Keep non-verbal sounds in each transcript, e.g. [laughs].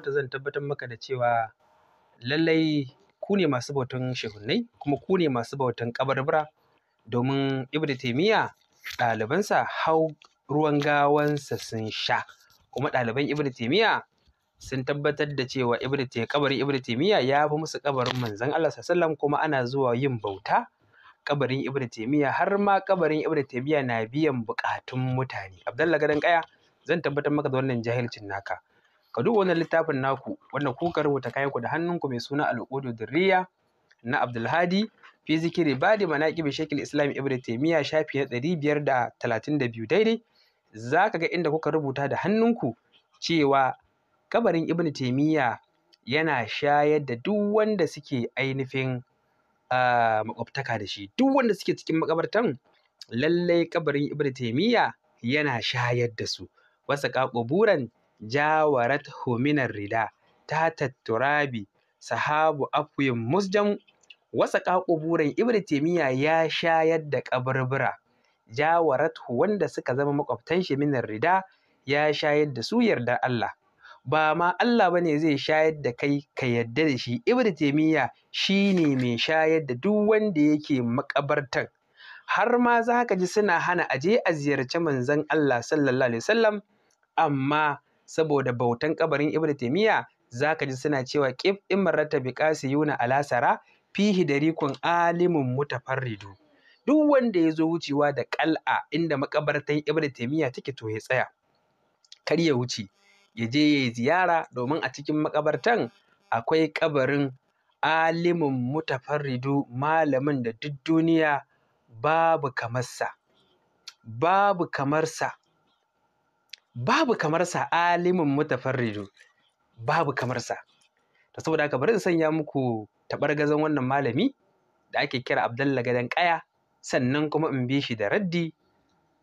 ta zan tabbatar maka da cewa lallai ku ne masu bautan shehunnai kuma ku ne masu bautan kabarbura domin ibnu taimiyya ɗalibansa hau ruwan gawansa sun sha kuma ɗaliban ibnu taimiyya sun tabbatar da cewa ibnu kabarin ibnu taimiyya ya fi musu kabarin manzon Allah sallallahu kuma ana zuwa yin bauta kabarin ibnu taimiyya har ma kabarin ibnu taimiyya na biyan bukatun mutane abdalla gadan kaya zan tabbatar maka da wannan jahilcin naka ka duba wannan littafin naku wanda kuka rubuta kayan ku da hannunku mai suna al'udu dirriya na abdulhadi fi zikiri badi manaqib shekil islam ibn taymiya shafi na ɗari biyar da talatin da biyu daidai za ka ga inda kuka rubuta da hannunku cewa kabarin ibn taymiya yana shayar da duk wanda suke ainihin ah, makwabtaka da shi duk wanda suke cikin makabartan lallai kabarin ibn taymiya yana shayar da su wasa kaƙuburan jawarat humina rida ta tatturabi sahabu afwin musjam wasa ka kuburan ibnu taymiya ya sha yadda kabarbura jawarat hu wanda suka zama makwaftan shi minar rida ya sha yadda su yarda Allah ba ma Allah bane zai sha yadda kai ka yadda da shi ibnu shi ne mai sha yadda duk wanda yake makabartan har ma zaka ji suna hana aje a ziyarci manzon Allah sallallahu amma saboda bautan kabarin Ibn zaka ji suna cewa qif in marrata bi qasiyuna alasara fihi darikun alimun mutafarridu duk wanda ya zo wucewa da qal'a inda makabartan Ibn taymiya take to ya tsaya kar ya wuce ya je ya yi ziyara domin a cikin makabartan akwai kabarin alimin mutafarridu malamin da duk duniya babu kamarsa babu kamarsa babu kamar sa alimin mutafarriju babu kamar sa saboda haka bari in sanya muku gazan wannan malami da ake kira Abdullahi Gadan Kaya sannan kuma in bi shi da raddi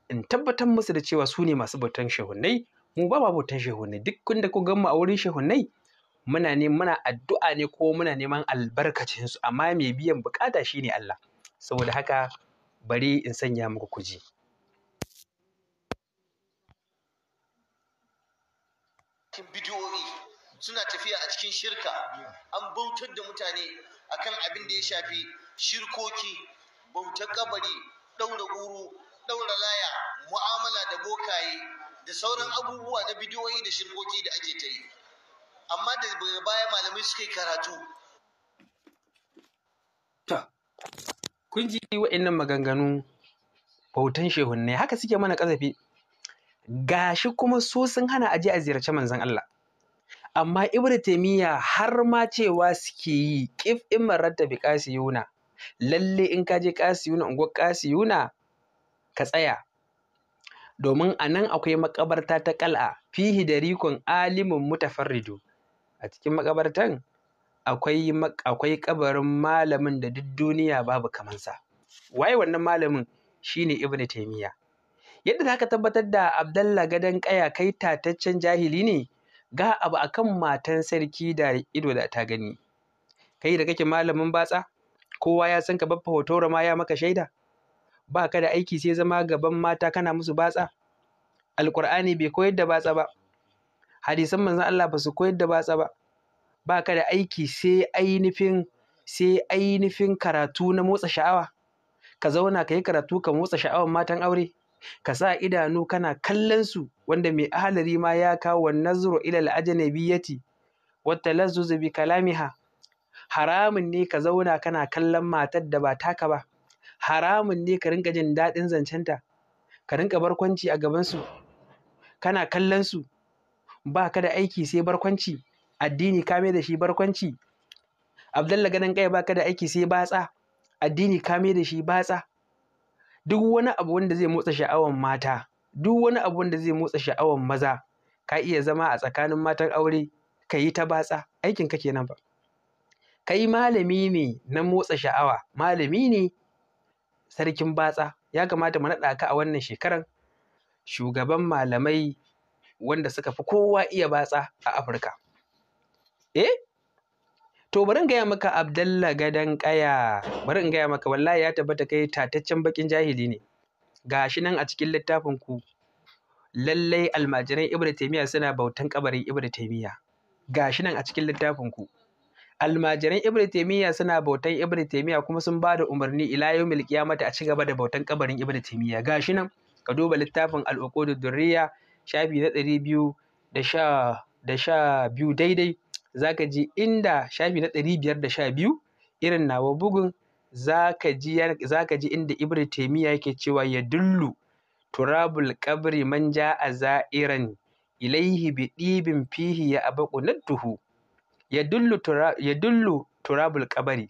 in tabbatar musu da cewa su ne masu bautan shehunnai mu ba ma bautan shehunnai duk kunda ku gan a wurin shehunnai muna ne muna addu'a ne ko muna neman albarkacin su amma mai biyan bukata shine Allah saboda haka bari in sanya muku kuji cikin bidiyoyi suna tafiya a cikin shirka an bautar da mutane akan abin da ya shafi shirkoki bautar kabari ɗaura guru ɗaura laya mu'amala da bokaye da sauran abubuwa na bidiyoyi da shirkoki da ake ta yi amma da baya malamai suka yi karatu ta kun ji wa'annan maganganu bautan ne haka suke mana kazafi gashi kuma su sun hana aje a ziyarci manzon Allah amma ibnu Taimiyya har ma cewa suke yi kif in marratta bi lalle in ka je Yuna, unguwar Yuna ka tsaya domin a nan akwai makabarta ta kal'a fihi da rikon alimin mutafarridu a cikin makabartan akwai ƙabarin malamin da duk duniya babu kamansa waye wannan malamin shine ibnu Taimiyya. yadda za ka tabbatar da abdalla gadon ƙaya kai tataccen jahili ne ga abu a kan matan sarki da ido da ta gani kai da kake malamin batsa kowa ya san ka baffa hotora ma ya maka shaida ba ka da aiki sai zama gaban mata kana musu batsa alkur'ani bai koyar da batsa ba hadisan manzon Allah ba su koyar da batsa ba ba ka da aiki sai ainihin sai ainihin karatu na motsa sha'awa ka zauna ka yi karatu ka motsa sha'awar matan aure ka sa idanu kana kallon su wanda mai ahalari ma ya kawo wa nazaru ila al biyati, wa talazzuz bi kalamiha haramun ne ka zauna kana kallon matar da ba taka ba haramun ne ka rinka jin daɗin zancenta ka rinka barkwanci a gabansu kana kallon su ba ka da aiki sai barkwanci addini ka da shi barkwanci abdalla ganin kai ba ka da aiki sai batsa addini ka da shi batsa duk wani abu wanda zai motsa sha'awan mata duk wani abu wanda zai motsa sha'awan maza ka iya zama a tsakanin matan aure ka yi ta batsa aikin ka kenan ba kai malami ne na motsa sha'awa malami ne sarkin batsa ya kamata mu naɗa ka a wannan shekaran shugaban malamai wanda suka fi kowa iya batsa a Afirka eh to bari in gaya maka abdalla gadan kaya bari in gaya maka wallahi ya tabbata kai tataccen bakin jahili ne gashi nan a cikin littafin ku lallai almajiran ibnu taymiya suna bautan kabarin ibnu taymiya gashi nan a cikin littafin ku almajiran ibnu taymiya suna bautan ibnu taymiya kuma sun ba da umarni ila yawmil qiyamata a ci gaba da bautan kabarin ibnu taymiya gashi nan ka duba littafin al-uqudud durriya shafi na ɗari biyu da sha da sha biyu daidai za ka ji inda shafi na ɗari biyar da sha biyu irin nawa bugun za ka ji inda ibn taimiya yake cewa ya dullu turabul kabri man ja a za'iran ilaihi bi ɗibin fihi ya abaku nadduhu ya dullu ya dullu turabul kabari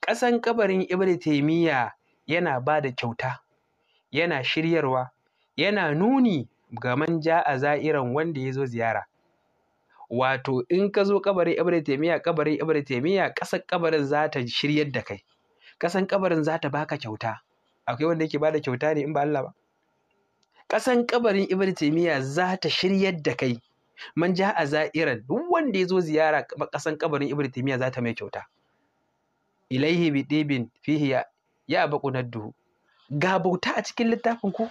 ƙasan kabarin ibn taimiya yana ba da kyauta yana shiryarwa yana nuni ga man ja a za'iran wanda ya zo ziyara wato in ka zo kabarin ibn taymiya kabarin ibn taymiya kasan kabarin za ta shiryar da kai kasan kabarin za ta baka kyauta akwai wanda yake bada kyauta ne in ba Allah ba kasan kabarin ibn taymiya za ta shiryar da kai man ja a za'iran duk wanda ya zo ziyara kasan kabarin ibn taymiya za ta mai kyauta ilaihi bi dibin fihi ya ya baqunaddu ga bauta a cikin littafin ku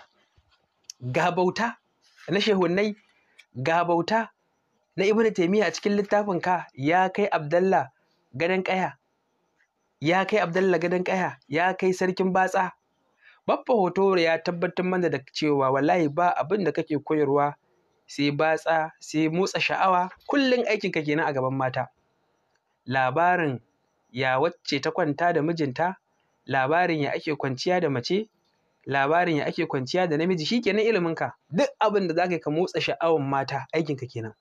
ga bauta na shehunnai ga bauta na ibnu taymiya a cikin littafin ka ya kai abdalla gadan kaya ya kai gadan kaya ya kai sarkin batsa babba hoto ya tabbatar mana da cewa wallahi ba abin da kake koyarwa sai batsa sai motsa sha'awa kullum aikin ka kenan a gaban mata labarin ya wacce ta kwanta da mijinta labarin ya ake kwanciya da mace labarin ya ake kwanciya da namiji shi kenan ka duk abin da za ka motsa sha'awan mata aikinka kenan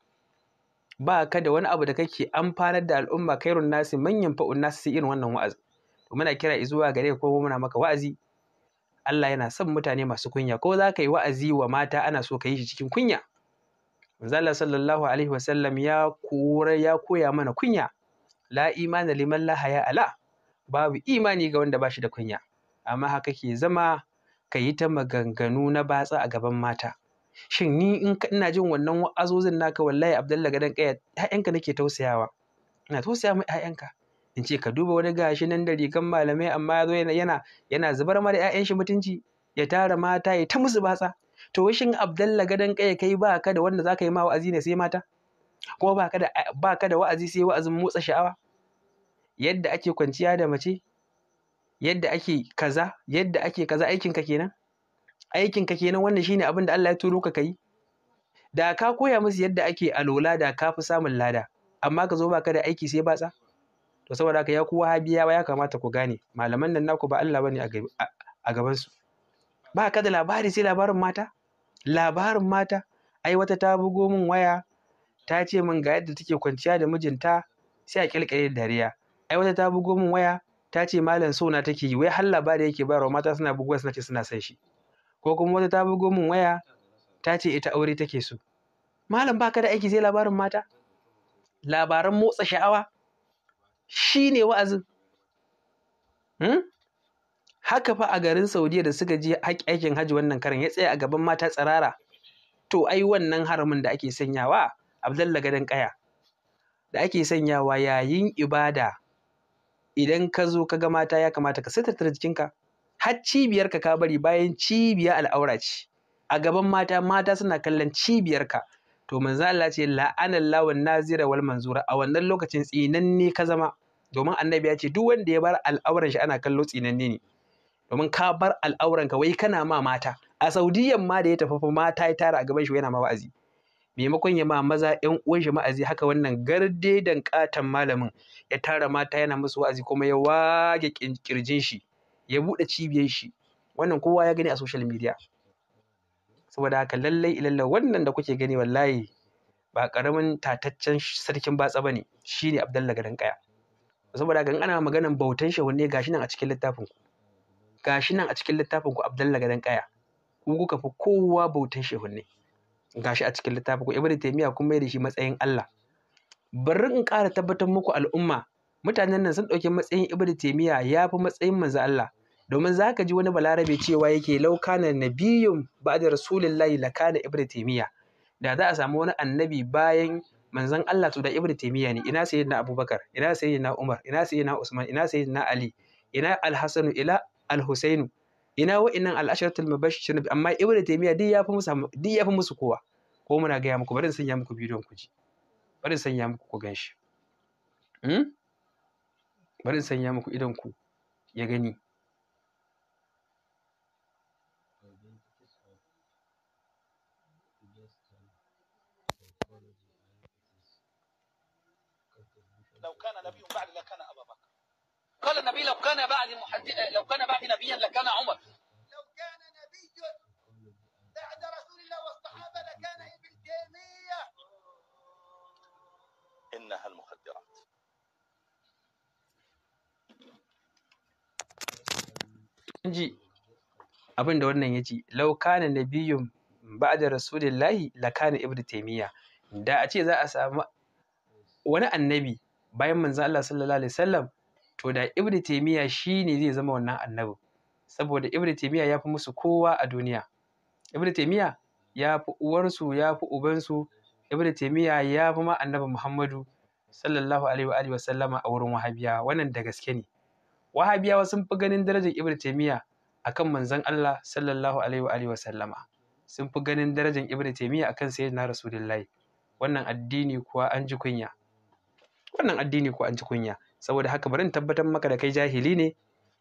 ba ka da wani abu da kake amfanar da al'umma kairun nasi manyan fa'un nasi su irin wannan wa'azi to muna kira zuwa gare ko muna maka wa'azi Allah yana son mutane masu kunya ko za ka yi wa'azi wa mata ana so ka yi shi cikin kunya manzo Allah sallallahu alaihi wasallam ya kora ya koya mana kunya la imana liman la haya ala babu imani ga wanda ba shi da kunya amma haka ke zama ka yi ta maganganu na batsa a gaban mata shin ni in ina jin wannan wa'azozin naka wallahi abdalla gadan kaya ƴaƴanka nake tausayawa ina tausaya mai ƴaƴanka in ce ka duba wani gashi nan da rigan malamai amma ya yana yana zubar mara da ƴaƴan shi mutunci ya tara mata ya ta musu batsa to shin abdalla gadan kaya kai ba ka da wanda za ka yi ma wa'azi ne sai mata Ko ba ka da ba ka da wa'azi sai wa'azin motsa sha'awa yadda ake kwanciya da mace yadda ake kaza yadda ake kaza aikinka kenan aikin ka kenan wannan shine abin da Allah ya turo ka kai da ka koya musu yadda ake alola da ka fi samun lada amma ka zo baka da aiki sai batsa to saboda haka ya ku wahabiyawa ya kamata ku gane malaman nan naku ba Allah bane a gaban su ba ka da labari sai labarin mata labarin mata ai wata ta bugo min waya ta ce min ga yadda take kwanciya da mijinta sai a kyalkyale dariya ai wata ta bugo min waya ta ce malam sona take yi wai har labari yake bayarwa mata suna buguwa suna ce suna son shi ko kuma wata ta bugo min waya ta ce ita aure take so malam baka da aiki sai labarin mata labaran motsa sha'awa shi ne wa'azin hmm? haka fa a garin saudiya da suka je aikin hajji wannan karin ya tsaya a gaban mata tsirara to ai wannan haramin da ake sanyawa abdalla gadon kaya da ake sanyawa yayin ibada idan ka zo ka ga mata ya kamata ka sitartar jikinka har cibiyarka ka bari bayan cibiyar al'aura ce a gaban mata mata suna kallon cibiyarka to manzo Allah ce la'anallahu nazira wal manzura a wannan lokacin tsinanne ka zama domin annabi ya ce duk wanda ya bar al'auran shi ana kallo tsinanne ne domin ka bar al'auran ka wai kana ma mata a saudiyan ma da ya tafi mata ya tara a gaban shi yana ma wa'azi maimakon ya ma maza ƴan uwan shi ma'azi haka wannan gardedan katan malamin ya tara mata yana musu wa'azi kuma ya wage kirjin shi ya buɗe cibiyar shi wannan kowa ya gani a social media saboda haka lallai ilallai wannan da kuke gani wallahi ba ƙaramin tataccen sarkin batsa ba ne shi ne abdalla garin kaya saboda haka ana maganan bautan wanne gashi nan a cikin littafin ku gashi nan a cikin littafin ku abdalla garin kaya ku kuka fi kowa bautan wanne gashi a cikin littafin ku ibnu taymiya kun mai da shi matsayin Allah bari in ƙara tabbatar muku al'umma mutanen nan sun ɗauki matsayin ibn taymiya ya fi matsayin manzo Allah domin za ka ji wani balarabe cewa yake laukana nabiyyun ba'da rasulillahi lakana ibn taymiya da za a samu wani annabi bayan manzon Allah to da ibn taymiya ne ina na abubakar ina na umar ina na usman ina na ali ina al-hasanu ila al-husainu ina wa'innan al-asharatul mubashirin amma ibn taymiya duk ya fi musu duk ya fi musu kowa ko muna gaya muku bari in sanya muku bidiyon ku ji bari in sanya muku ku ganshi hmm? bari in sanya muku idon ku ya gani لو كان نبي بعد لكان ابا بكر قال النبي لو كان بعد محد... لو كان بعد نبيا لكان عمر لو كان نبي بعد رسول الله والصحابه لكان ابن تيميه انها المحدثة. ji abin da wannan ya ci, law kana nabiyyun ba'da rasulillahi la kana ibnu taymiya da a ce za a samu wani annabi bayan manzon Allah sallallahu alaihi wasallam to da ibnu taymiya shine zai zama wannan annabi saboda ibnu taymiya ya fi musu kowa a duniya ibnu taymiya ya fi uwarsu ya fi ubansu ibnu taymiya ya fi ma annabi muhammadu sallallahu alaihi wa sallama a wurin wahabiya wannan da gaske ne wahabiyawa sun fi ganin darajar ibn taymiya akan manzon Allah sallallahu alaihi wa alihi wa sallama sun fi ganin darajar ibn taymiya akan sayyidina rasulullahi wannan addini kuwa an ji kunya wannan addini kuwa an ji kunya saboda haka bari in tabbatar maka da kai jahili ne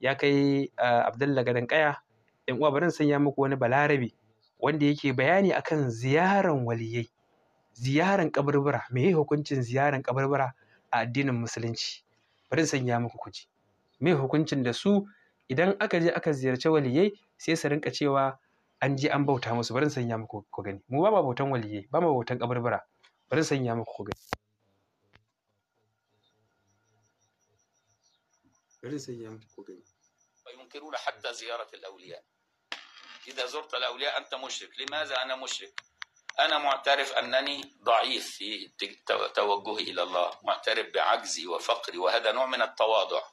ya kai ah, abdulla gadan kaya in uwa bari sanya muku wani balarabi wanda yake bayani akan ziyaran waliyai ziyaran kaburbura me hukuncin ziyaran kaburbura a addinin musulunci bari in sanya muku kuji me hukuncin da su idan aka je aka ziyarci waliyai sai su rinka cewa an je an bauta musu barin sanya muku ku gani mu ba bautan waliyai ba ma bautan kabarbara barin sanya muku ku gani barin sanya muku ku gani وينكرون حتى زيارة الأولياء إذا زرت الأولياء أنت مشرك لماذا أنا مشرك أنا معترف أنني ضعيف في توجهي إلى الله معترف بعجزي وفقري وهذا نوع من التواضع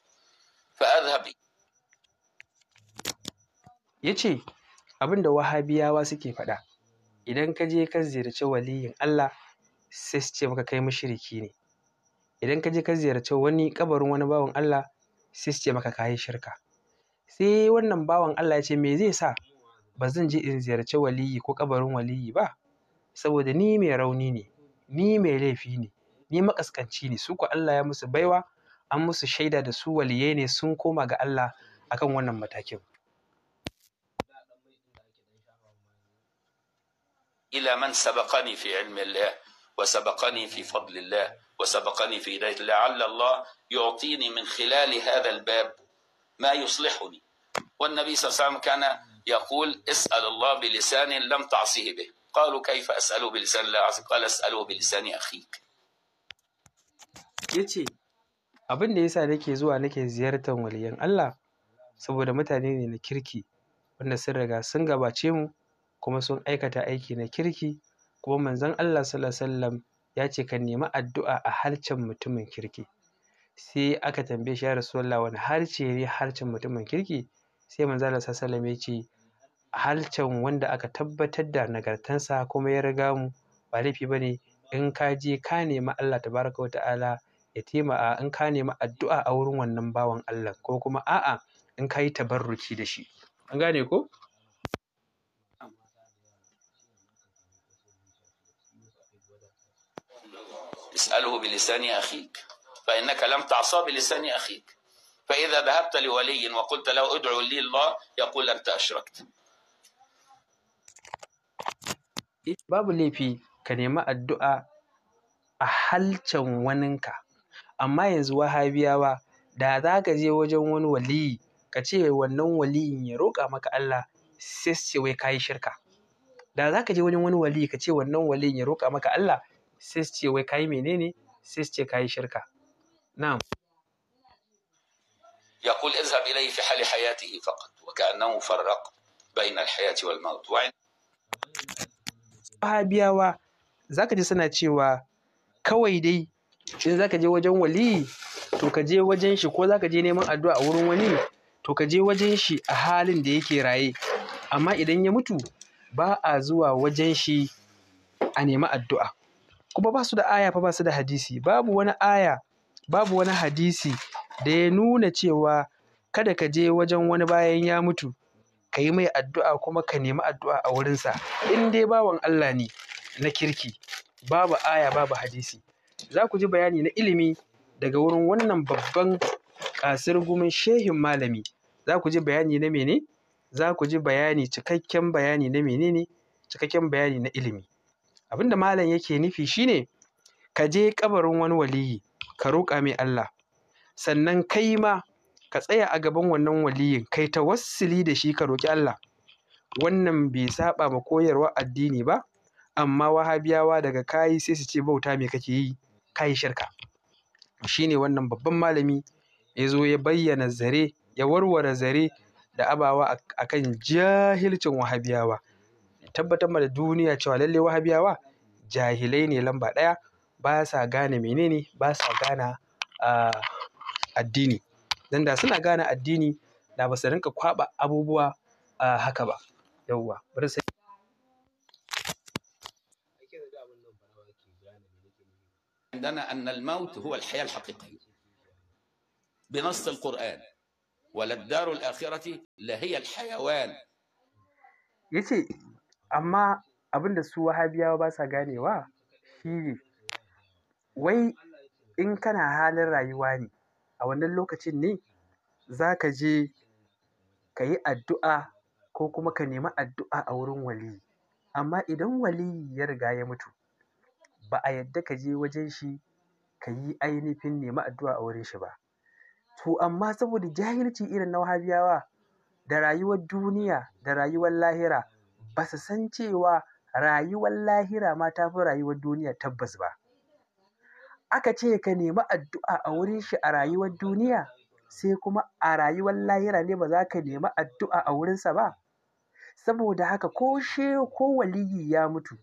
Ya ce yace abinda wahabiyawa suke faɗa idan ka je ka ziyarci waliyin Allah sai su ce maka kai mushriki ne idan ka je ka ziyarci wani kabarin wani bawan Allah sai su ce maka kayi shirka sai wannan bawan Allah ya ce me zai sa ba zan je in ziyarci waliyi ko kabarin waliyi ba saboda ni mai rauni ne ni mai laifi ne ni makaskanci ne su ku Allah ya musu baiwa an musu shaida da su waliye ne sun koma ga Allah akan wannan matakin ila man sabaqani fi ilmi Allah wa sabaqani fi fadli Allah wa sabaqani fi hidayati la'alla Allah yu'tini min khilal hadha al-bab ma yuslihuni والنبي صلى الله عليه وسلم كان يقول اسأل الله بلسان لم تعصه به قالوا كيف أسأله بلسان لا أعصي قال أسأله بلسان أخيك يتي Abin da ya sa nake zuwa nake ziyartar waliyan Allah saboda mutane ne na kirki wanda sun riga sun gabace mu kuma sun aikata aiki na kirki kuma Manzon Allah Sallallahu Alaihi Wasallam ya ce ka nemi addu'a a harcen mutumin kirki. Sai aka tambaye shi ya rasulullah wani harce ne harcen mutumin kirki? Sai Manzon Allah Sallallahu Alaihi Wasallam ya ce harcen wanda aka tabbatar da nagartansa kuma ya riga mu ba laifi ba ne in ka je ka nemi Allah Tabaraka wa Ta'ala ya taimaka in ka nemi addu'a a wurin wannan bawan Allah ko kuma a'a in ka yi tabarruki da shi an gane ko اسأله بلسان أخيك فإنك لم تعصى بلسان أخيك فإذا ذهبت لولي وقلت له ادعو لي الله يقول أنت أشركت babu laifi ka nemi addu'a a halcan waninka amma yanzu wahabiyawa da za ka je wajen wani waliyi ka ce wannan waliyin ya roƙa maka Allah sai su ce wai ka yi shirka da za ka je wajen wani waliyi ka ce wannan waliyin ya roƙa maka Allah sai su ce wai ka yi menene sai su ce ka yi shirka na'am يقول اذهب إليه في حال حياته فقط وكأنه فرق بين الحياة والموت wahabiyawa za ka ji suna cewa kawai dai in ka je wajen waliyi to ka je wajen shi ko za ka je neman addu'a a wurin wani to ka je wajen shi a halin da yake raye amma idan ya mutu ba a zuwa wajen shi a nemi addu'a kuma ba su da aya fa ba su da hadisi babu wani aya babu wani hadisi da ya nuna cewa kada ka je wajen wani bayan ya mutu ka yi mai addu'a kuma ka nemi addu'a a wurinsa in dai bawan Allah ne na kirki babu aya babu hadisi za ku ji bayani na ilimi daga wurin wannan babban ƙasirgumin shehin malami. Za ku ji bayani na mene? Za ku ji bayani cikakken bayani na mene ne? Cikakken bayani na ilimi. Abin da malam yake nufi shine ka je ƙabarin wani waliyi ka roƙa mai Allah. Sannan kai ma ka tsaya a gaban wannan waliyin kai ta wassili da shi ka roƙi Allah. Wannan bai saɓa ma koyarwar addini ba, amma wahabiyawa daga kayi sai su ce bauta me kake yi. kayi shirka shi ne wannan babban malami ya zo ya bayyana zare ya warware zare da abawa a kan jahilcin wahabiyawa tabbatar da duniya cewa lallai wahabiyawa jahilai ne lamba ɗaya ba sa gane menene ba sa gane addini don da suna gane addini da ba su rinka kwaɓa abubuwa haka ba yauwa bari عندنا أن الموت هو الحياة الحقيقية بنص القرآن ولا الدار الآخرة هي الحيوان يتي أما أبن دسوا هابيا وباسا غاني وا شيري وي إن كان حال الرأيواني أو أن اللوكة ني ذاك جي كي الدعاء كوكو ما كان يما الدعاء أورون ولي أما إذا ولي يرغى يمتو ba a yadda ka je wajen shi ka yi ainihin nema addu'a a wurin shi ba. To amma saboda jahilci irin na Wahabiyawa da rayuwar duniya da rayuwar lahira ba su san cewa rayuwar lahira ma ta fi rayuwar duniya tabbas ba. Aka ce ka nemi addu'a a wurin shi a rayuwar duniya sai kuma a rayuwar lahira ne ba za ka nemi addu'a a wurinsa ba. Saboda haka ko shehu ko waliyi ya mutu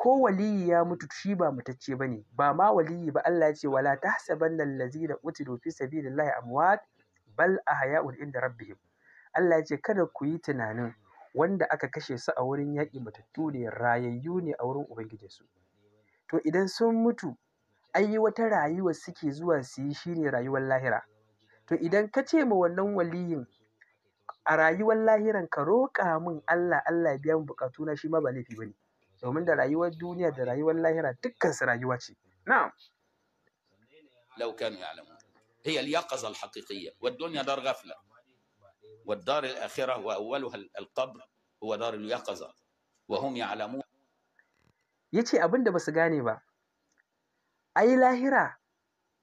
ko waliyyi ya mutu shi ba matacce bane ba ma waliyyi ba Allah ya ce wala tahsabanna allazina utidu fi sabilillahi amwat bal ahya'un inda rabbihim Allah ya ce kada ku yi tunanin wanda aka kashe su a wurin yaƙi matattu ne rayayyu ne a wurin ubangijinsu to idan sun mutu ai wata rayuwa suke zuwa su yi shine rayuwar lahira to idan ka ce ma wannan waliyyin a rayuwar lahiran ka roƙa min Allah Allah biya mu bukatuna shi ma ba laifi bane domin da rayuwar duniya da rayuwar lahira dukkan su rayuwa ce na'am law kanu ya'lamun hiya al-yaqaza basu gane ba ai lahira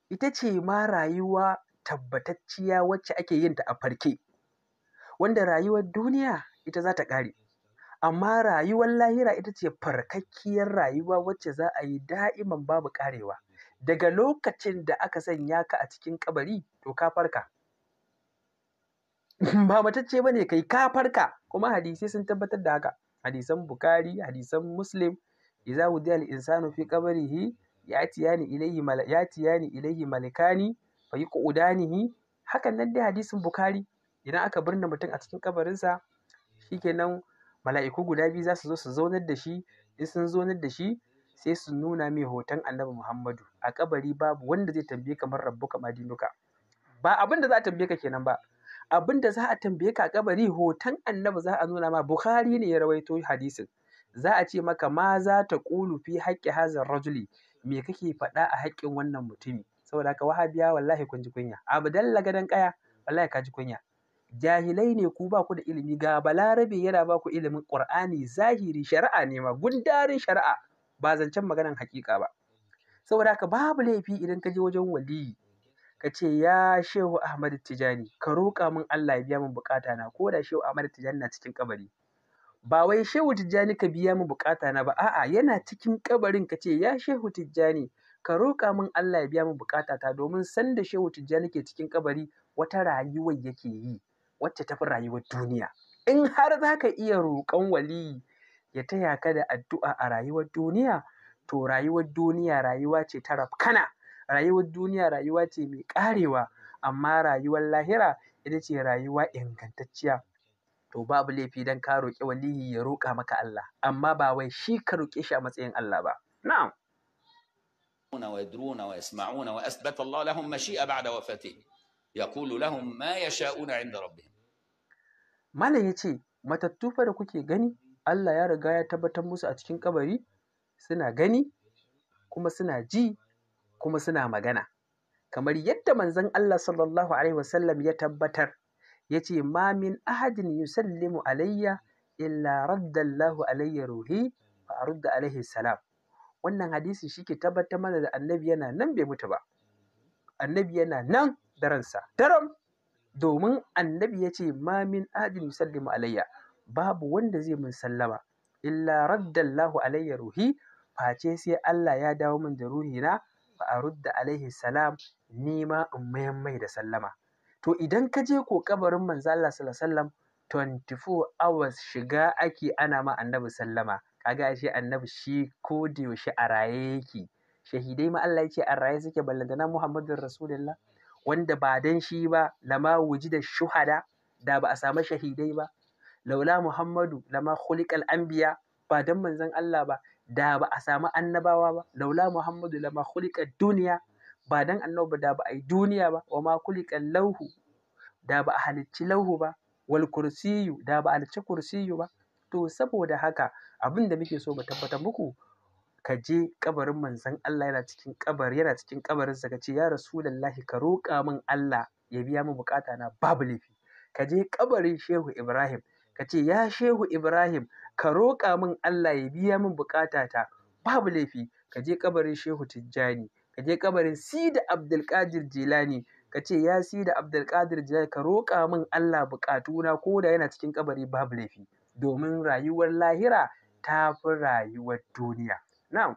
ita ce ma rayuwa tabbatacciya wacce ake yin ta a farke wanda rayuwar duniya ita za ta ƙare Amma rayuwar lahira ita ce farkakkiyar rayuwa wacce za a yi da'iman babu ƙarewa. Daga lokacin da aka sanya ka a cikin kabari, to ka farka. [laughs] ba matacce ba ne kai ka farka, kuma hadisai sun tabbatar da haka. Hadisan Bukhari, hadisan Muslim, idza wudiya al-insanu fi qabrihi yatiyani ilayhi yatiyani ilayhi malikani fa yuqudanihi hakan nan dai hadisin Bukhari idan aka binne mutum a cikin kabarinsa shikenan mala'iku guda biyu za su zo su zaunar da shi in sun zaunar da shi sai su nuna mai hoton annabi muhammadu a kabari babu wanda zai tambaye kamar rabbuka dinuka ba abin da za a tambaye ka kenan ba abin da za a tambaye ka a kabari hoton annabi za a nuna ma bukhari ne ya rawaito hadisin za a ce maka ma za ta ƙulu fi haƙƙi hazan rajuli me kake faɗa a haƙƙin wannan mutumi saboda haka wahabiya wallahi kun ji kunya abu dalla gadan ƙaya wallahi ka ji kunya jahilai ne ku ba ku da ilimi ga balarabe yana ba ku ilimin ƙur'ani zahiri shari'a ne ma gundarin shari'a ba zancen maganan haƙiƙa ba saboda haka babu laifi idan ka je wajen waliyi ka ce ya shehu ahmad tijani ka roƙa min allah ya biya min bukata na ko da shehu ahmad tijani na cikin kabari ba wai shehu tijjani ka biya min bukata na ba a'a yana cikin kabarin ka ce ya shehu tijjani ka roƙa min Allah ya biya min bukata ta domin sanda shehu tijjani ke cikin kabari wata rayuwar yake yi wacce fi rayuwar duniya in har za ka iya roƙon waliyi ya taya ka da addu'a a rayuwar duniya to rayuwar duniya rayuwa ce ta rafkana rayuwar duniya rayuwa ce mai ƙarewa amma rayuwar lahira ita ce rayuwa ingantacciya to babu laifi dan ka roƙi waliyi ya roƙa maka Allah amma ba wai shi ka roƙe shi a matsayin Allah ba na'am ويدرون ويسمعون وأثبت الله لهم مشيئة بعد وفاته يقول لهم ما يشاءون عند ربهم Malam ya ce, matattu fa da kuke gani, Allah ya riga ya tabbatar musu a cikin kabari, suna gani, kuma suna ji, kuma suna magana. Kamar yadda manzon Allah sallallahu Alaihi wasallam ya tabbatar, ya ce, Ma min ahadin yusallimu alayya illa raddallahu alayya ruhi fa arudda alaihi salam. Wannan hadisi shi ke tabbatar mana da annabi yana nan bai mutu ba. Annabi yana nan Daransa. Daram! domin annabi ya ce ma min adin yusallimu alayya babu wanda zai min sallama illa raddallahu alayya ruhi face sai Allah ya dawo min da ruhi na fa arudda alaihi salam ni ma in mayan mai da sallama to idan ka je ko kabarin manzo Allah sallallahu alaihi wasallam 24 hours shiga ake ana ma annabi sallama kaga ashe annabi shi ko da yaushe a raye yake shahidai ma Allah yake ce a raye suke ballantana Muhammadun Rasulullah wanda ba dan shi ba lama da shuhada da ba a samu shahidai ba laula muhammadu lama khuliqal anbiya ba dan manzon Allah ba da ba a samu annabawa ba laula muhammadu lama khuliqad duniya ba dan annabawa da ba a yi duniya ba wa ma khuliqal lauhu da ba a halicci lauhu ba wal kursiyu da ba a halicci kursiyu ba to saboda haka abin da muke so mu tabbatar muku ka je kabarin manzon Allah yana cikin kabari yana cikin kabarinsa ka ce ya rasulullahi ka roƙa min Allah ya biya min bukata na babu laifi ka je kabarin Shehu Ibrahim ka ce ya Shehu Ibrahim ka roƙa min Allah ya biya min bukata ta babu laifi ka je kabarin Shehu Tijjani ka je kabarin Sida Abdulkadir Jilani ka ce ya Sida Abdulkadir Jilani ka roƙa min Allah na, ko da yana cikin kabari babu laifi domin rayuwar lahira ta fi rayuwar duniya نعم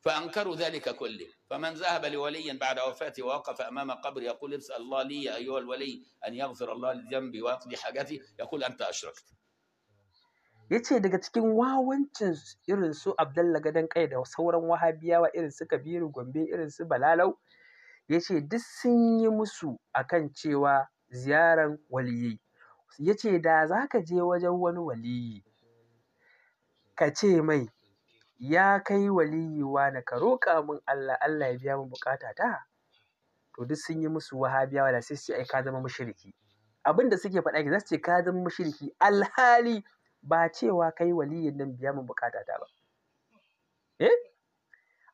فأنكروا ذلك كله فمن ذهب لولي بعد وفاته ووقف أمام قبر يقول اسأل الله لي أيها الولي أن يغفر الله لذنبي ويقضي حاجتي يقول أنت أشركت yace daga cikin wawancin irin su Abdalla Gadan Kai da sauran Wahabiyawa irin su Kabiru Gombe irin su Balalau yace duk sun yi musu akan cewa ziyaran waliyi yace da zaka je wajen wani waliyi ka ce mai, ‘Ya kai waliyyi na ka roƙa min Allah, Allah ya biya min ta?' To duk sun yi musu wahabiyawa da sai su ce ai ka zama mushriki. Abin da suke faɗa ki za su ce ka zama mushriki alhali ba cewa kai waliyin nan biya min ta ba. Eh?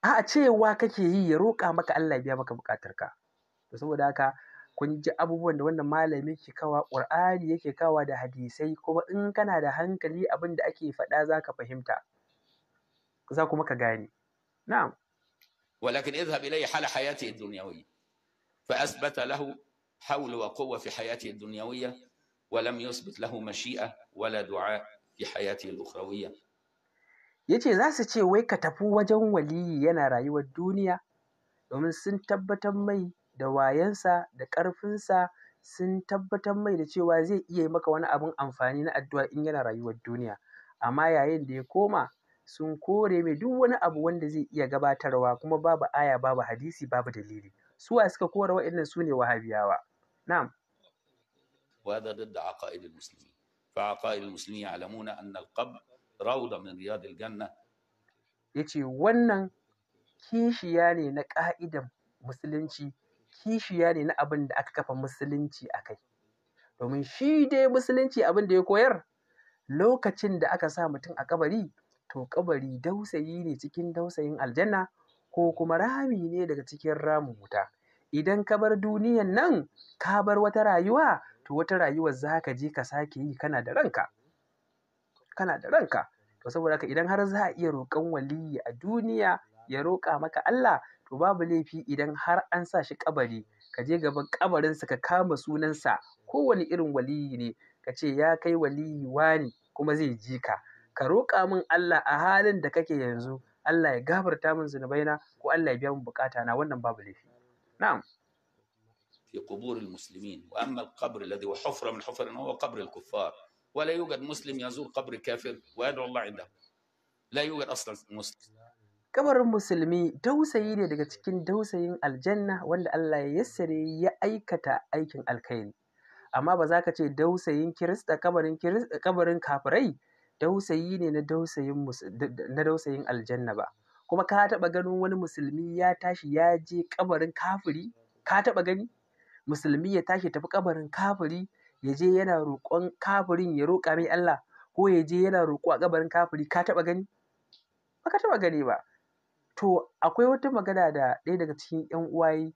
A'a cewa kake yi ya roƙa maka Allah ya biya maka buƙatarka. To saboda haka kun ji abubuwan da wannan malamin ke kawa ƙur'ani yake kawa da hadisai kuma in kana da hankali abin da ake faɗa za ka fahimta za kuma ka gane na'am ولكن اذهب إليه حال حياته الدنيوية فأثبت له حول وقوة في حياته الدنيوية ولم يثبت له مشيئة ولا دعاء في حياته الأخروية yace za su ce wai ka tafi wajen waliyi yana rayuwar duniya domin sun tabbatar mai da wayansa da ƙarfinsa sun tabbatar mai da cewa zai iya yi maka wani abin amfani na addu'a in yana rayuwar duniya. Amma yayin da ya koma sun kore mai duk wani abu wanda zai iya gabatarwa kuma babu aya, babu hadisi, babu dalili. Su wa suka kore waɗannan su ne Wahabiyawa. Na'am. وهذا ضد عقائد المسلمين فعقائد المسلمين يعلمون أن القبر روضة من رياض الجنة yace wannan kishiya ne na ƙa'idan musulunci kishiya ne na abin da aka kafa musulunci a kai. Domin shi dai musulunci abin da ya koyar lokacin da aka sa mutum a ƙabari, to ƙabari dausayi ne cikin dausayin aljanna ko kuma rami ne daga cikin ramin wuta. Idan ka bar duniyan nan ka bar wata rayuwa to wata rayuwar za ka je ka sake yi kana da ranka. Kana da ranka. To saboda haka idan har za a iya roƙon waliyi a duniya ya roƙa maka Allah to babu laifi idan har an sa shi kabari ka je gaban kabarinsa ka kama sunansa kowane irin waliyi ne ka ce ya kai waliyi wani kuma zai ji ka ka roƙa min Allah a halin da kake yanzu Allah ya gafarta min zunubaina ko Allah ya biya min bukata na wannan babu laifi na'am في قبور المسلمين واما القبر الذي هو حفره من حفر هو قبر الكفار ولا يوجد مسلم يزور قبر كافر ويدعو الله عنده لا يوجد اصلا مسلم Kabarin musulmi dausayi ne daga cikin dausayin aljanna wanda Allah ya yassare ya aikata aikin alkhairi. Amma ba za ka ce dausayin Kirista, kabarin Kirista, kabarin kafirai dausayi ne na dausayin na dausayin aljanna ba. Kuma ka taɓa ganin wani musulmi ya tashi ya je kabarin kafiri? Ka taɓa gani? Musulmi ya tashi tafi kabarin kafiri ya je yana roƙon kafirin ya roƙa mai Allah ko ya je yana roƙo a kabarin kafiri ka taɓa gani? Ba ka taɓa gani ba. To akwai wata magana da ɗaya daga cikin ‘yan uwa yayi,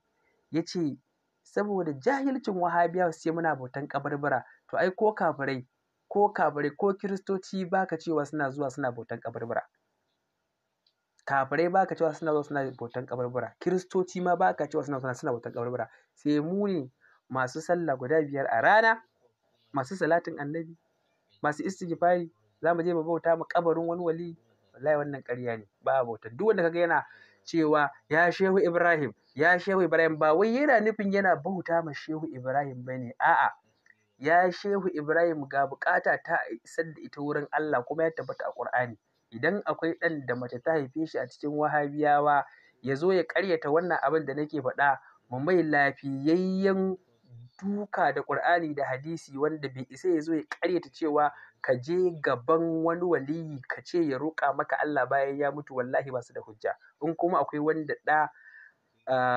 ya ce saboda jahilcin Wahabiyawa sai muna bautan kaburbura. To ai ko kafirai, ko kafirai ko Kiristoci ba ka cewa suna zuwa suna bautan kaburbura. Kafirai ba ka cewa suna zuwa suna bautan kaburbura. Kiristoci ma ba ka cewa suna zuwa suna bautan kaburbura. Sai mu ne masu sallah guda biyar a rana, masu salatin annabi, masu istighfari za mu je mu bauta ma kabarin wani wali. wallahi wannan ƙarya ne ba bauta duk wanda kaga yana cewa ya shehu Ibrahim ya shehu Ibrahim ba wai yana nufin yana bauta ma shehu Ibrahim bane a'a ya shehu Ibrahim ga bukata ta isar da ita wurin Allah kuma ya tabbata a Qur'ani idan akwai ɗan da mace ta haife shi a cikin wahabiyawa ya zo ya karyata wannan abin da nake faɗa mu mai lafiyayyen duka da Ƙur'ani da hadisi wanda bai isa ya zo ya ƙaryata cewa ka je gaban wani waliyi ka ce ya roƙa maka Allah bayan ya mutu wallahi ba su da hujja in kuma akwai wanda ɗa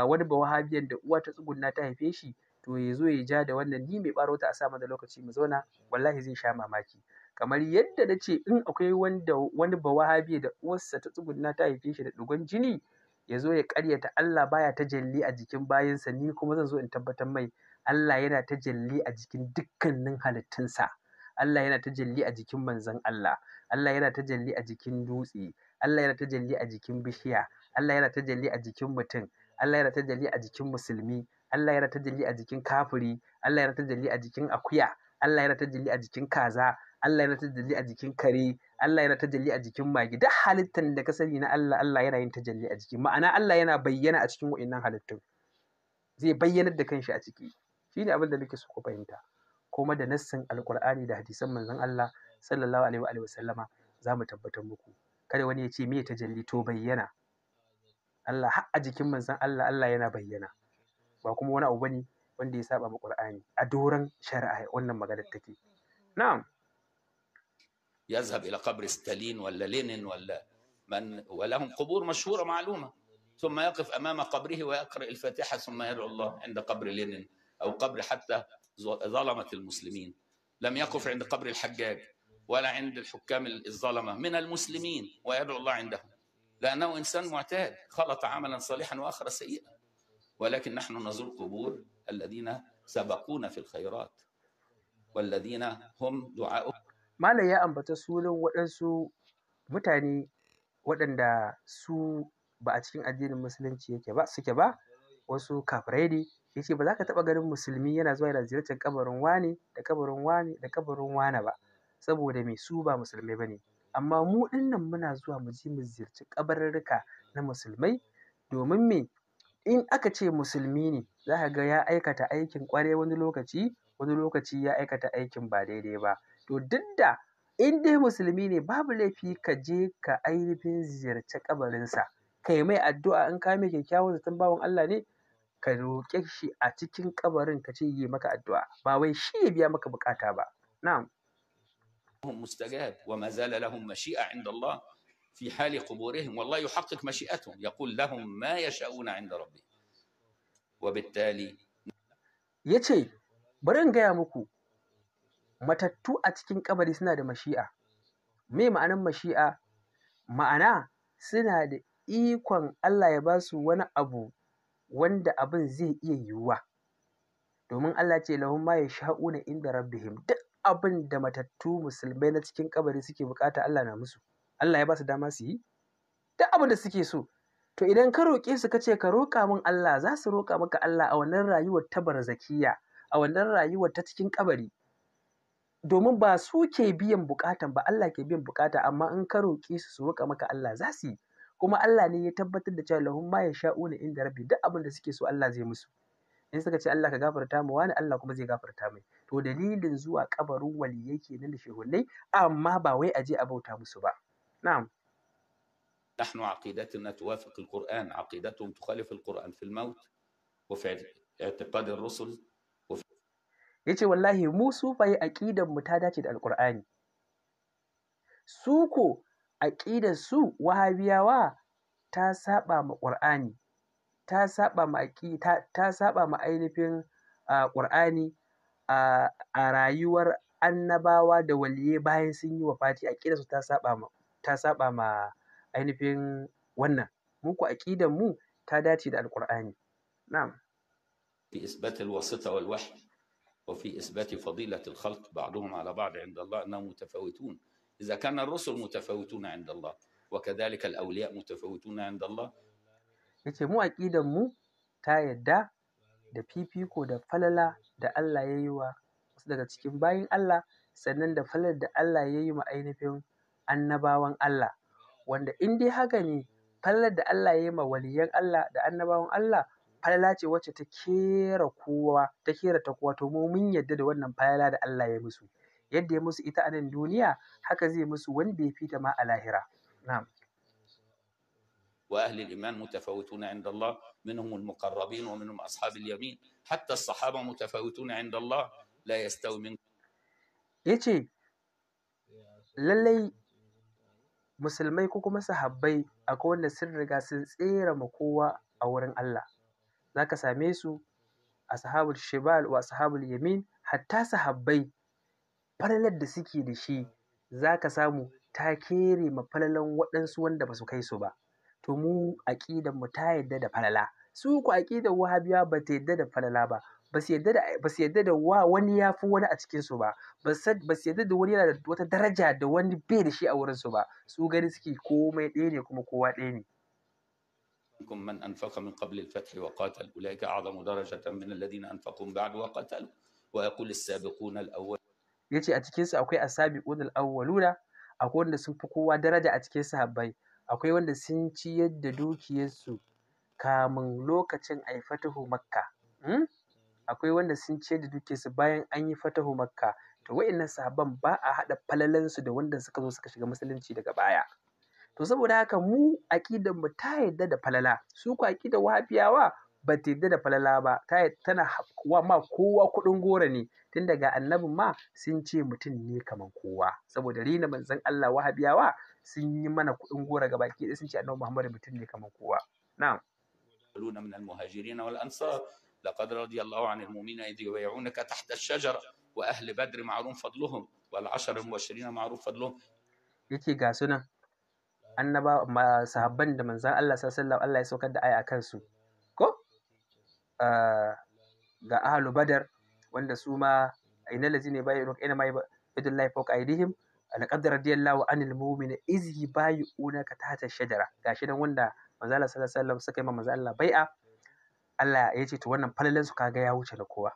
wani wahabiyan da uwa ta tsugunna ta haife shi to ya zo ya ja da wannan ni mai ɓaro ta a sa da lokaci mu zauna wallahi zai sha mamaki kamar yadda na ce in akwai wanda wani waHabiyan da uwarsa ta tsugunna ta haife shi da ɗugon jini ya zo ya ƙaryata Allah baya ta jalli a jikin bayansa ni kuma zan zo in tabbatar mai Allah yana tajalli a jikin dukkanin halittunsa Allah yana tajalli a jikin manzon Allah Allah yana tajalli a jikin dutse Allah yana tajalli a jikin bishiya Allah yana tajalli a jikin mutum Allah yana tajalli a jikin musulmi Allah yana tajalli a jikin kafiri Allah yana tajalli a jikin akuya Allah yana tajalli a jikin kaza Allah yana tajalli a jikin kare Allah yana tajalli a jikin magi duk halittan da ka sani na Allah Allah yana yin tajalli a jiki ma'ana Allah yana bayyana a cikin wa'innan halittun zai bayyanar da kanshi a ciki shine abin da muke so ku fahimta kuma da nassin alqur'ani da hadisan manzon Allah sallallahu alaihi wa alihi wasallama za mu tabbatar muku kada wani ya ce me tajalli to bayyana Allah har a jikin manzon Allah Allah yana bayyana ba kuma wani abu bane wanda ya saba ma Qur'ani a doran shari'a wannan magana take na'am يذهب إلى قبر ستالين ولا لينين ولا من ولهم قبور مشهورة معلومة ثم يقف أمام قبره ويقرأ الفاتحة ثم يدعو الله عند قبر لينين أو قبر حتى ظلمة المسلمين لم يقف عند قبر الحجاج ولا عند الحكام الظلمة من المسلمين ويدعو الله عندهم لأنه إنسان معتاد خلط عملا صالحا وآخر سيئا ولكن نحن نزور قبور الذين سبقونا في الخيرات والذين هم دعاء malam ya ambata sunan waɗansu mutane waɗanda su ba a cikin addinin musulunci yake ba suke ba wasu kafirai ne ya ce ba za ka taɓa ganin musulmi yana zuwa yana ziyartar kabarin wane da kabarin wane da kabarin wane ba saboda mai su ba musulmai ba ne amma mu dinnan muna zuwa mu je mu ziyarci ƙabarurruka na musulmai domin me in aka ce musulmi ne za ka ga ya aikata aikin ƙware wani lokaci wani lokaci ya aikata aikin ba daidai ba to duk da in dai musulmi ne babu laifi ka je ka ainihin ziyarci kabarinsa kai mai addu'a in ka mai kyakkyawan zaton bawan Allah ne ka roƙe shi a cikin kabarin ka ce yi maka addu'a ba wai shi ya biya maka bukata ba na'am هم مستجاب وما زال لهم مشيئة عند الله في حال قبورهم والله يحقق مشيئتهم يقول لهم ما يشاءون عند ربهم وبالتالي yace bari in gaya muku matattu a cikin kabari suna da mashi'a me ma'anan mashi'a ma'ana suna da ikon Allah ya ba su wani abu wanda abin zai iya yiwuwa domin Allah ce lahum ma na inda rabbihim duk abin da matattu musulmai na cikin kabari suke bukata Allah na musu Allah ya ba su dama su yi duk abin da suke so to idan ka roƙe su kace ka roƙa min Allah za su roƙa maka Allah a wannan rayuwar ta barzakiya a wannan rayuwar ta cikin kabari domin ba su ke biyan bukatan ba Allah ke biyan bukata amma in ka roƙe su su roƙa maka Allah za su yi kuma Allah ne ya tabbatar da cewa lahum ma yasha'una inda rabbi duk abin da suke so Allah zai musu in suka ce Allah ka gafarta mu wani Allah kuma zai gafarta mai to dalilin zuwa kabarin waliyai nan da shehunnai amma ba wai aje a bauta musu ba na'am نحن عقيدتنا توافق القرآن عقيدتهم تخالف القرآن في الموت وفي اعتقاد الرسل وفي yace wallahi mu sufaye aqidan mu ta dace da alqur'ani su ko aƙidar su wahabiyawa ta saɓa ma ƙur'ani ta ma ta ma ainihin ƙur'ani a rayuwar annabawa da waliye bayan sun yi wafati aƙidar su ta saɓa ma ta saɓa ma ainihin wannan muku aƙidar mu ta dace da alƙur'ani na'am في إثبات الواسطة والوحي وفي إثبات فضيلة الخلق بعضهم على بعض عند الله أنهم متفاوتون إذا كان الرسل متفاوتون عند الله وكذلك الأولياء متفاوتون عند الله yace mu aƙidan mu ta yadda da fifiko da falala da Allah ya yi wa wasu daga cikin bayin Allah sannan da falalar da Allah ya yi ma ainihin annabawan Allah wanda in dai haka ne falalar da Allah ya yi ma waliyan Allah da annabawan Allah falala ce wacce ta kera kowa ta kera ta kowa to mu mun yadda da wannan falala da Allah ya musu yadda ya musu ita a nan duniya haka zai musu wanda ya fita ma a lahira na'am وأهل الإيمان متفاوتون عند الله منهم المقربين ومنهم اليمين حتى متفاوتون عند الله لا يستوي musulmai ko kuma sahabbai akwai wanda sun riga sun tsere ma kowa a wurin Allah za ka same su a shibal wa ashabul yamin hatta sahabbai falalar da suke da shi za ka samu ta kere ma falalan waɗansu wanda ba su kai su ba to mu aƙidar mu ta yadda da falala su ku aƙidar wahabiya ba ta yadda da falala ba ba su yadda da wa wani ya fi wani a cikinsu ba ba su yadda da wani yana da wata daraja da wani bai da shi a wurinsu ba su gani suke komai ɗaya ne kuma kowa ɗaya ne منكم من أنفق من قبل الفتح وقاتل أولئك أعظم درجة من الذين أنفقوا بعد وقتلوا ويقول السابقون الأول ya ce a cikinsu akwai asabi ƙunar awwaluna akwai wanda sun fi kowa daraja a cikin sahabbai akwai wanda sun ci yadda dukiyarsu kamun lokacin a yi fatahu makka hmm? akwai wanda sun ci yadda dukiyarsu bayan an yi fatahu makka to wa'innan sahabban ba a haɗa falalansu da wanda suka zo suka shiga musulunci daga baya to saboda haka mu aƙidar mu ta yarda da falala su ku aƙidar wahabiyawa ba ta yarda da falala ba ta tana wa ma kowa kuɗin gora ne tun daga annabin ma sun ce mutum ne kamar kowa saboda rina manzon Allah wahabiyawa sun yi mana kuɗin gora ga baki sun ce annabi Muhammad mutum ne kamar kowa na'am من المهاجرين والأنصار لقد رضي الله عن المؤمنين shajar wa ahli الشجرة وأهل بدر معروف فضلهم والعشر المبشرين معروف فضلهم yake ga sunan annaba sahabban da manzan Allah sallallahu Allah ya saukar da aya akan su ga ahlu badar wanda su ma inna lazina yubayyi'unaka inna ma yadullahi fawqa aydihim laqad radiyallahu anil mu'mina ka ta ta shajara gashi nan wanda manzo sallallahu alaihi suka yi manzo Allah bai'a Allah ya ce to wannan falalen su kaga ya wuce na kowa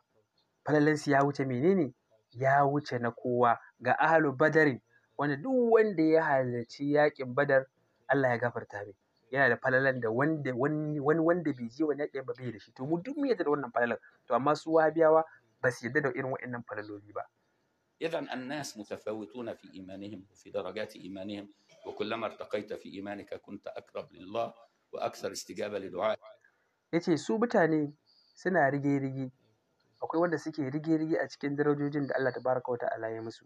falalen su ya wuce menene ya wuce na kowa ga ahalu badarin wanda duk wanda ya halarci yakin badar Allah ya gafarta mai yana da falalan da wanda wani wanda bai je wani ɗayan ba bai da shi to mu duk mu yadda da wannan falalan to amma su wahabiyawa ba su yadda da irin waɗannan falaloli ba idan annas mutafawwituna fi imanihim fi darajati imanihim wa kullama irtaqaita fi imanika kunta aqrab lillah wa akthar istijaba li du'a yace su mutane suna rige-rige akwai wanda suke rige-rige a cikin darajojin da Allah tabaraka wa ta'ala ya musu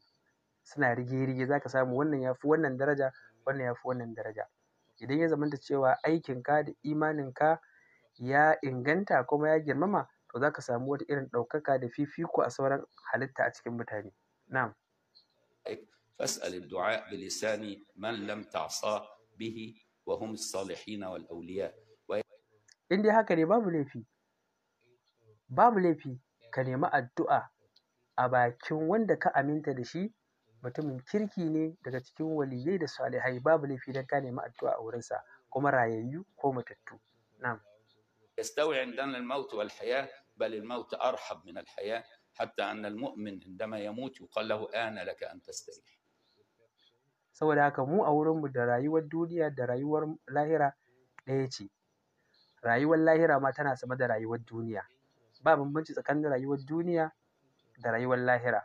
suna rige-rige zaka samu wannan yafi wannan daraja wannan yafi wannan daraja Idan ya zamanta cewa aikinka da imaninka ya inganta kuma ya girmama, to za ka samu wata irin ɗaukaka da fifiko a sauran halitta a cikin mutane. Na'am. فاسأل الدعاء بلسان من لم تعصاه به وهم الصالحين والأولياء in dai haka ne babu laifi babu laifi ka nemi addu'a a bakin wanda ka aminta da shi mutumin kirki ne daga cikin waliyai da salihai babu laifi dan ka nemi addu'a a wurinsa kuma rayayyu ko matattu na'am يستوي عندنا الموت والحياة بل hatta أرحب من الحياة حتى أن المؤمن عندما يموت يقال له آن لك أن تستريح saboda haka mu a mu da rayuwar duniya da rayuwar lahira ɗaya ce rayuwar lahira ma tana sama da rayuwar duniya ba bambanci tsakanin rayuwar duniya da rayuwar lahira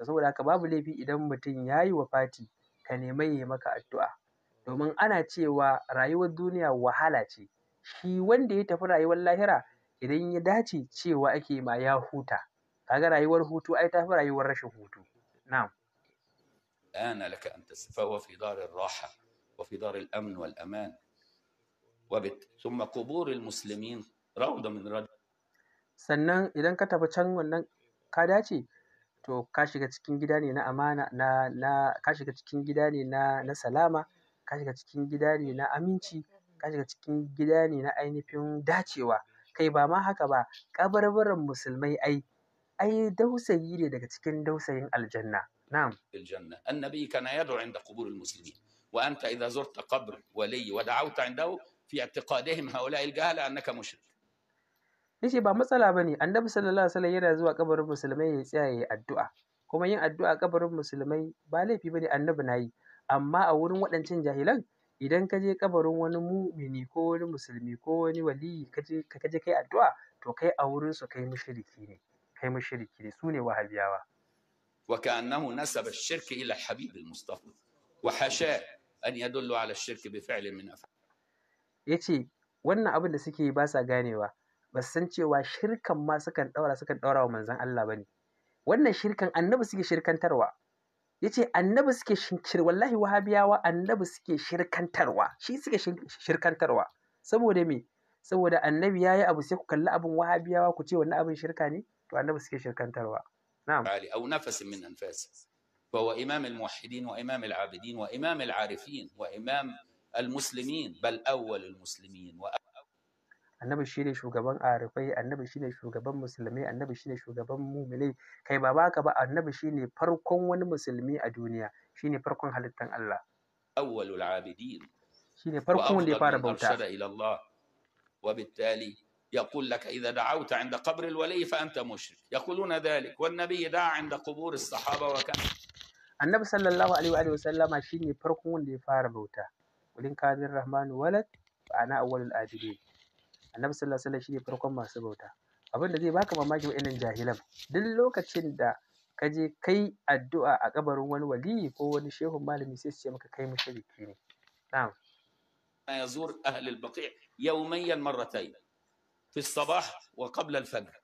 to saboda haka babu laifi idan mutum ya yi wa Fati ka nema ya yi maka addu'a domin ana cewa rayuwar duniya wahala ce shi wanda ya tafi rayuwar lahira idan ya dace cewa ake ma ya huta kaga rayuwar hutu ai tafi rayuwar rashin hutu na'am الآن لك أن تستفاء في دار الراحة وفي دار الأمن wabit وبت ثم قبور المسلمين روضة من رد sannan idan ka tafi can wannan ka dace to ka shiga cikin gida ne na amana na na ka shiga cikin gida ne na na salama ka shiga cikin gida ne na aminci ka shiga cikin gida ne na ainihin dacewa kai ba ma haka ba kabarbaran musulmai ai ai dausayi ne daga cikin dausayin aljanna na'am aljanna annabi kana yad'u inda qubur almuslimin wa anta idha zurta qabr wali wa da'awta indahu fi i'tiqadihim ha'ula'i aljahala annaka mushrik yace ba matsala bane annabi sallallahu alaihi wasallam yana zuwa kabarin musulmai ya tsaya yayi addu'a kuma yin addu'a kabarin musulmai ba laifi bane annabi nayi amma a wurin waɗancan jahilan idan ka je kabarin wani mumini ko wani musulmi ko wani waliyi ka je kai addu'a to kai a wurin su kai mushriki ne kai mushriki ne sune wahabiyawa wa ka'annahu nasaba ash-shirk ila habib al-mustafa wa hasha an yadullu ala ash-shirk bi fi'lin min af'al yace wannan abin da suke ba sa ganewa ba san cewa shirkan ma sukan daura sukan daura wa manzon Allah bane wannan shirkan annabi suke shirkantarwa yace annabi suke shinkir wallahi wahabiyawa annabi suke shirkantarwa shi suke shirkantarwa saboda me saboda annabi yayi abu sai ku kalli abin wahabiyawa ku ce wannan abin shirka ne to annabi suke shirkantarwa na'am ali aw nafas min anfas فهو إمام الموحدين وإمام العابدين وإمام العارفين وإمام المسلمين بل أول المسلمين وأول annabi shine shugaban arifai annabi shine shugaban musulmai annabi shine shugaban muminai kai ba ma haka ba annabi shine farkon wani musulmi a duniya shine farkon halittan Allah awwalul abidin shine farkon wanda ya fara bauta ila Allah وبالتالي يقول لك إذا دعوت عند قبر الولي فأنت مشرك يقولون ذلك والنبي دعا عند قبور الصحابة وكان النبي صلى الله عليه وآله وسلم شيني فرقون لفار بوتا ولن كان الرحمن ولد فأنا أول الآجلين annabi sallallahu alaihi wasallam shine farkon masu bauta abinda zai baka mamaki wa'annan jahilan duk lokacin da ka je kai addu'a a kabarin wani wali ko wani shehun malami sai su ce maka kai mushriki ne na'am يزور أهل البقيع يوميا مرتين في الصباح وقبل الفجر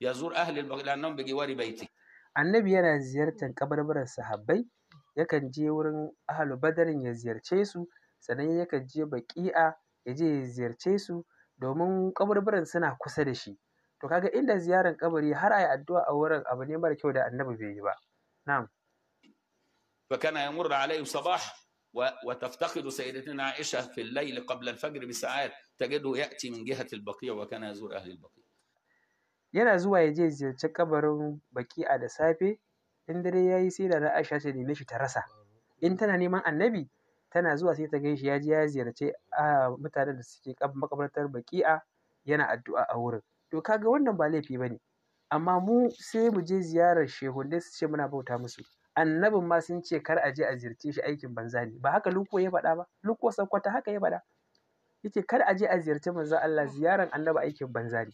يزور أهل البقيع لأنهم بجوار بيتي annabi yana ziyartar kabarbaran sahabbai yakan je wurin ahlu badarin ya ziyarce su sannan yakan je baki'a ya je ya ziyarce su domin kaburburan suna kusa da shi to kaga inda ziyaran kabari har ayi addu'a a wurin abu ne mara kyau da annabi bai yi ba na'am فكان يمر عليه صباح وتفتقد سيدتنا عائشة في الليل قبل الفجر بساعات تجده يأتي من جهة البقيع وكان يزور أهل البقيع yana zuwa ya je ziyarci kabarin baki'a da safe in dare ya yi sai da Aisha ta neme shi ta rasa in tana neman annabi tana zuwa sai ta shi ya je ya ziyarce a mutanen da suke makabartar baƙi'a yana addu'a a wurin to kaga wannan ba laifi ba ne. amma mu sai mu je ziyarar shehunnai su ce muna bauta musu annabin ma sun ce kar a je a ziyarce shi aikin banza ne ba haka luko ya faɗa ba luko sankwata haka ya faɗa Yake kar a je a ziyarce manzo Allah ziyaran annabi aikin banza ne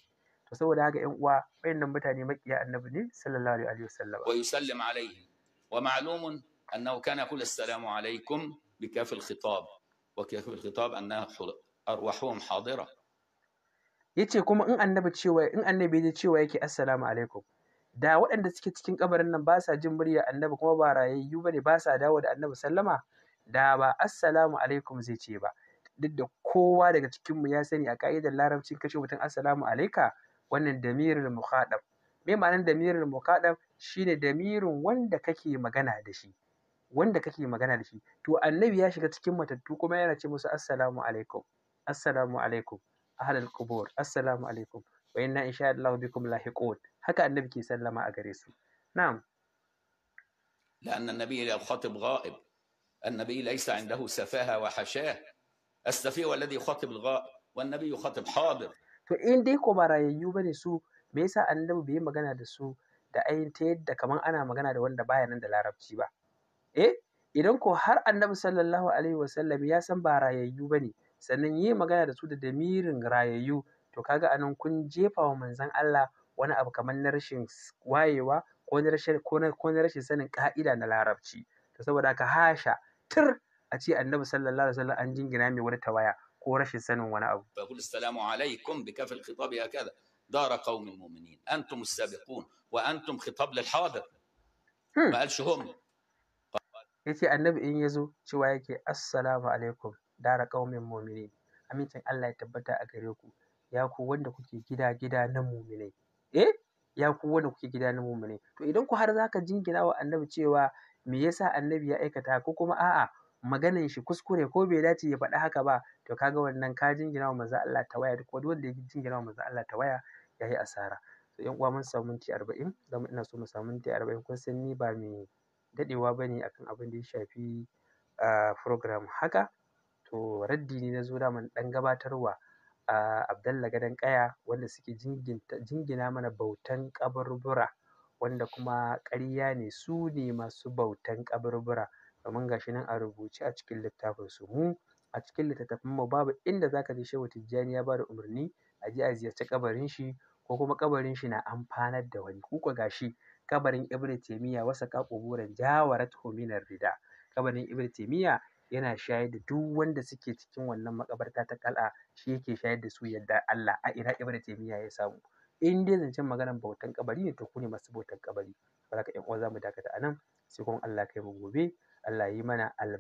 to saboda haka ƴan uwa wayannan mutane makiya annabi ne sallallahu alaihi wasallam wa yusallim alaihi wa ma'lumun annahu kana kullu assalamu alaikum لكاف الخطاب وكاف الخطاب yace kuma in annabi cewa in annabi ya cewa yake assalamu alaikum da waɗanda suke cikin kabarin nan ba sa jin murya annabi kuma ba rayayyu bane ba sa dawo da annabi sallama da ba assalamu alaikum zai ce ba duk da kowa daga cikin mu ya sani a ka'idar larabcin kashe mutum assalamu alaika wannan damirul muqaddam me ma'anar damirul muqaddam shine damirin wanda kake magana da shi wanda kake magana da shi to annabi ya shiga cikin matattu kuma yana ce musu assalamu alaikum assalamu alaikum ahlal qubur assalamu alaikum wa inna insha Allah bikum lahiqun haka annabi ke sallama a gare su na'am لأن النبي الخاطب غائب النبي ليس عنده سفاهة وحشاه السفيه والذي يخاطب الغائب والنبي يخاطب حاضر to in dai ko ba rayayyu bane su me yasa annabi bai magana da su da ayin ta yadda kaman ana magana da wanda baya nan da larabci ba eh idan ko har annabi sallallahu alaihi wasallam ya san ba rayayyu bane sannan yi magana da su da damirin rayayyu to kaga anan kun jefa wa manzon Allah wani abu kamar na rashin wayewa ko na rashin ko na rashin sanin ka'ida na larabci to saboda haka hasha tir a ce annabi sallallahu alaihi wasallam an jingina mai wani tawaya ko rashin sanin wani abu kullu assalamu alaikum bi kafil khitab ya kaza دار قوم المؤمنين أنتم السابقون وأنتم خطاب للحاضر ما قالش هم Yace annabi in yazo cewa yake assalamu alaikum dara ƙaumin muminin amincin Allah ya tabbata a gare ku ya ku wanda kuke gida gida na muminai eh ya ku wanda kuke gida na muminai to idan ku har zaka jingina wa annabi cewa me yasa annabi ya aikata ko kuma a'a maganan shi kuskure ko bai dace ya faɗi haka ba to kaga wannan ka jingina wa manzo Allah ta waya duk wanda ya jingina wa manzo Allah tawaya yayi asara to yan uwa mun samu minti 40 dan ina so mu samu minti 40 kun san ni ba mai daɗewa ba ne akan abin da ya shafi a ah, program haka to raddi ne na zo daman ɗan gabatarwa a ah, Abdallah Gadon ƙaya wanda suke jingina mana bautan kaburbura wanda kuma ƙarya ne su ne masu bautan kaburbura domin gashi nan a rubuce a cikin littafin su mu a cikin littattafan mu babu inda zaka je Shehu Tijjani ya bada umarni a je a ziyarci kabarin shi ko kuma ƙabarin shi na amfanar da wani kuka ga gashi kabarin ibn taymiya wasa kuburan jawarat huminar rida kabarin ibn taymiya yana shayar da duk wanda suke cikin wannan makabarta ta kal'a shi yake shayar da su yadda Allah a ina ibn taymiya ya samu in dai zancen maganar bautan kabari ne to ku masu bautan kabari ba za ƴan uwa za mu dakata anan? nan sai kuma Allah kai mu gobe Allah yi mana al